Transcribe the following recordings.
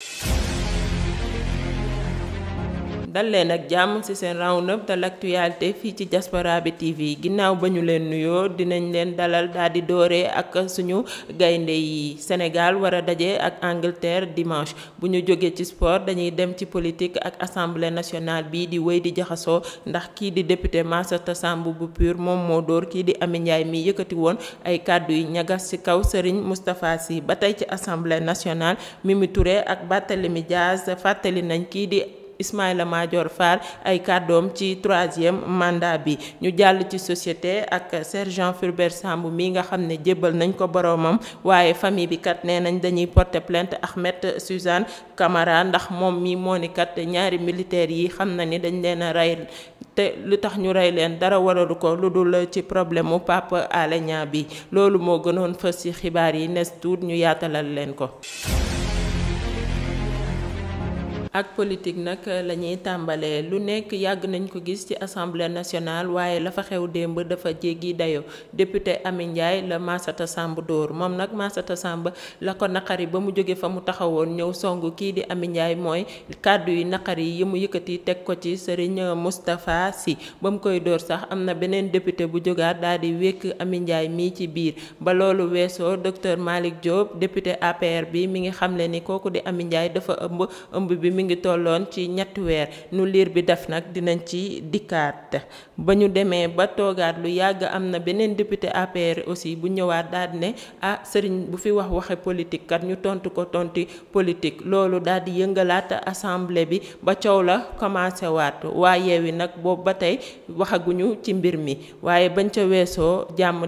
you dal leen ak jàmm ci seen round-up de l'actualité fii ci Diaspora TV ginnaaw ba ñu leen nuyoo dinañ leen dalal daal di dooree ak suñu gaynde yi Sénégal war a ak Angleterre dimanche bu ñu jógee ci sport dañuy dem ci politique ak assemblée nationale bi di wéy di jaxasoo ndax kii di député Massata Samb bu PUR moom moo dóor kii di Amy mi yëkkati woon ay kàddu yi ci kaw Serigne Moustapha Sy ba ci assemblée nationale Mimi Touré ak Barthélémy Dias fàttali nañ kii di. Ismaïla Major Far ay kaddom ci troisième mandat bi ñu jall ci société ak sergent Fulbert Sambu mi nga xamné ne nañ ko boromam waye famille bi kat nee nañ dañuy porter plainte Ahmed Suzanne Camara ndax mom mi moo ñaari militaire yi xamna na ni dañ leen té ñu leen dara waralu ko ci problème Pape bi lolu mo gënon ci xibaar yi ñu yaatalal leen ko ak politique nag la ñuy tàmbalee lu nekk yàgg nañ ko gis ci assemblée nationale waaye la fa xew démb dafa jéggi dayo député Amy la Massata Samb dóor moom nag Massata Samb la ko naqari ba mu jóge fa mu taxawoon ñëw song kii di Amy Ndiaye mooy kàddu yi naqar yi mu yëkkati teg ko ci Serigne Moustapha si ba mu koy dóor sax am na beneen député bu jógaat daal di wékk Amy mii ci biir ba loolu weesoo docteur Malick Diop député APR bi mi ngi xamle ni kooku di Amy Ndiaye dafa ëmb ëmb mi ngi tolloon ci ñetti weer nu liir bi def nag dinañ ci dikkaat ba ñu demee ba toogaat lu yàgg am na beneen député APR aussi bu ñëwaat daal ne ah sëriñ bu fi wax waxe politique kat ñu tontu ko tonti politique loolu daal di yëngalaat assemblée bi ba coow la commencé waat waa yeewi nag boobu ba tey waxaguñu ci mbir mi waaye bañ ca weesoo jàmm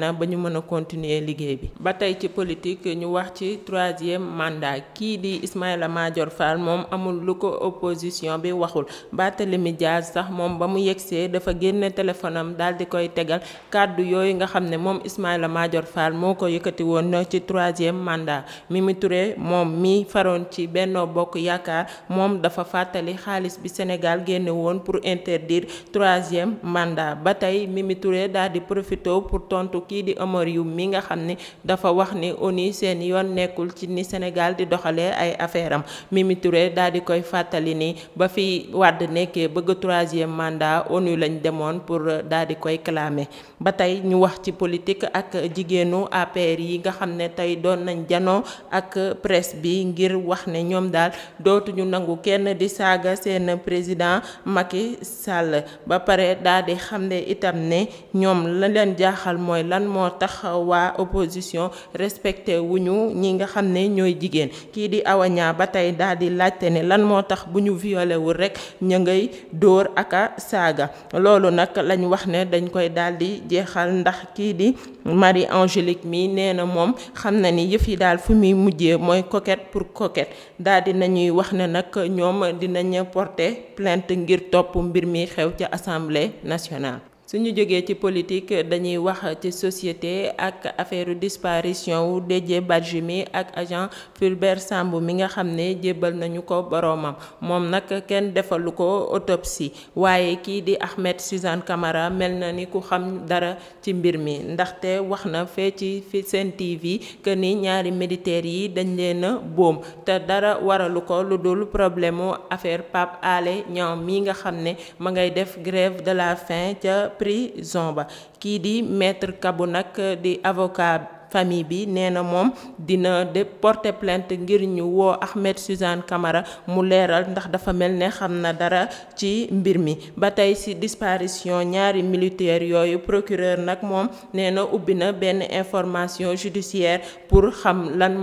na ba ñu mën a continuer liggéey bi ba tey ci politique ñu wax ci troisième mandat kii di Ismaïla Madior Fall mom amul luko opposition bi waxul Batali Dias sax mom bamu mu dafa génné téléphone dal di koy tegal kàddu yoy nga xamné mom Ismaïla Madior Fall moko yëkëti won ci 3 troisième mandat Mimi Touré mi faroon ci Benno Bokk Yaakaar mom dafa fatali bi Sénégal génné won pour interdire troisième mandat Batay mimiture, Mimi Touré dal di profité pour tontu ki di Oumar yu mi nga xamné dafa wax ni ci ni Sénégal di doxalé ay affaire am Mimi Touré daal di koy fàttali ni ba fi wadd nekkee bëgg troisième mandat ONU lañ demoon pour euh, daal di koy clamer ba tey ñu wax ci politique ak jigéenu APR yi nga xam ne tey doon nañ janoo ak presse bi ngir wax ne ñoom daal dootuñu nangu kenn di saaga seen président Macky Sall ba pare daal di xam ne itam ne ñoom laleen jaaxal mooy lan moo tax waa opposition respecté wuñu ñi nga xam ne ñooy jigéen kii di awaña ba tey daal laaj laajte ne lan moo tax bu ñu violé wul rek ña ngay door aka saaga loolu nag lañu wax ne dañ koy daal di jeexal ndax kii di Marie Angélique mi nee na moom xam na ni yëf yi daal fu muy mujjee mooy coquette pour coquette daal di nañuy wax ne nag ñoom dinañ porter plainte ngir topp mbir mi xew ca assemblée nationale. suñu you ci politique dañuy wax ci société ak de disparition wu de ak agent Fulbert Sambou mi nga xamné djébal nañu ko autopsie di Ahmed Suzanne Camara mel ni ku xam dara ci mbir mi ndax té waxna fé TV que ni ñaari yi dañ boom dara waraluko problème affaire Pape Alé mi nga ma ngay def grève de la faim prison dit qui di maître Kabonak des avocats famille bi de porter plainte ngir Ahmed Suzanne Camara mu ndax dafa disparition ñaari militaire procureur nak mom information judiciaire pour xam lan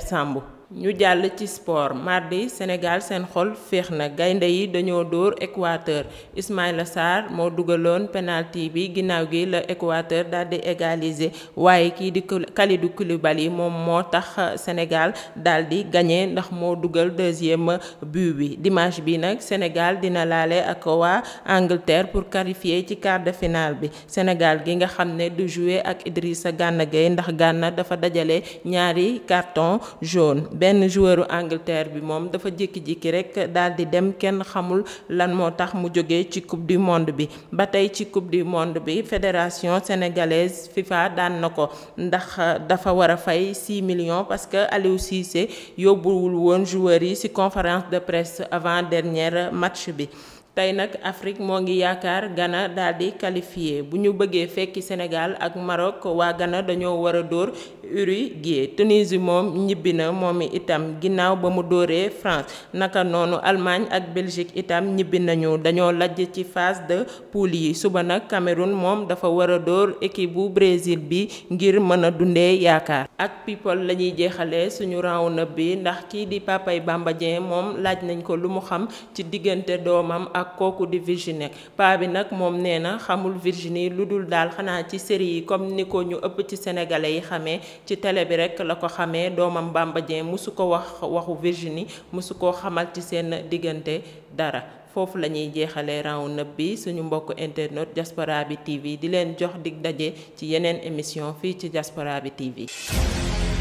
Sambou ñu jall ci sport mardi Sénégal seen xol féex na gaynde yi dañoo dóor Équateur Ismaïla Sarr moo dugaloon penalty bi ginnaaw gi le Équateur daal di égaliser waaye kii Kalidou Koulibaly moom moo Sénégal daal di gagné ndax dugal deuxième but bi dimanche bi nag Sénégal dina laale ak Angleterre pour qualifier ci quart de finale bi Sénégal gi nga xam ne du jouer ak Idrissa Gana gay ndax ganna dafa dajale ñaari carton jaune benn joueuru Angleterre bi moom dafa jékki-jékki rek daal di dem kenn xamul lan moo mu jógee ci coupe du monde bi ba ci coupe du monde bi fédération sénégalaise FIFA daan fait. ko ndax dafa a fay 6 millions parce que Aliou aussi yóbbuwul woon joueur yi ci conférence de presse avant dernier match bi tey nag Afrique moo ngi yaakaar gana daal di bu ñu bëggee fekki Sénégal ak Maroc waa gana dañoo war a dóor Uruguay Tunisie moom ñibbi na moom itam ginnaaw ba mu dóoree France naka noonu Allemagne ak Belgique itam ñibbi nañu dañoo lajj ci phase de poule yi suba nag Cameroun moom dafa war a dóor équipe bu Brésil bi ngir mën a dundee yaakaar. ak people la ñuy jeexalee suñu round-up bi ndax kii di Papay Bamba moom laaj nañ ko lu mu xam ci diggante doomam. kooku di Virginie paa bi nag moom nee na xamul Virginie lu dul daal xanaa ci série yi comme ni ko ñu ëpp ci senegale yi xamee ci tele bi rek la ko xamee doomam Bamba Dieng mosu ko wax waxu Virginie mosu koo xamal ci seen diggante dara foofu lañuy jeexale jeexalee round bi suñu mbokk internet Diaspora bi TV di leen jox dig daje ci yeneen émission fii ci Diaspora bi TV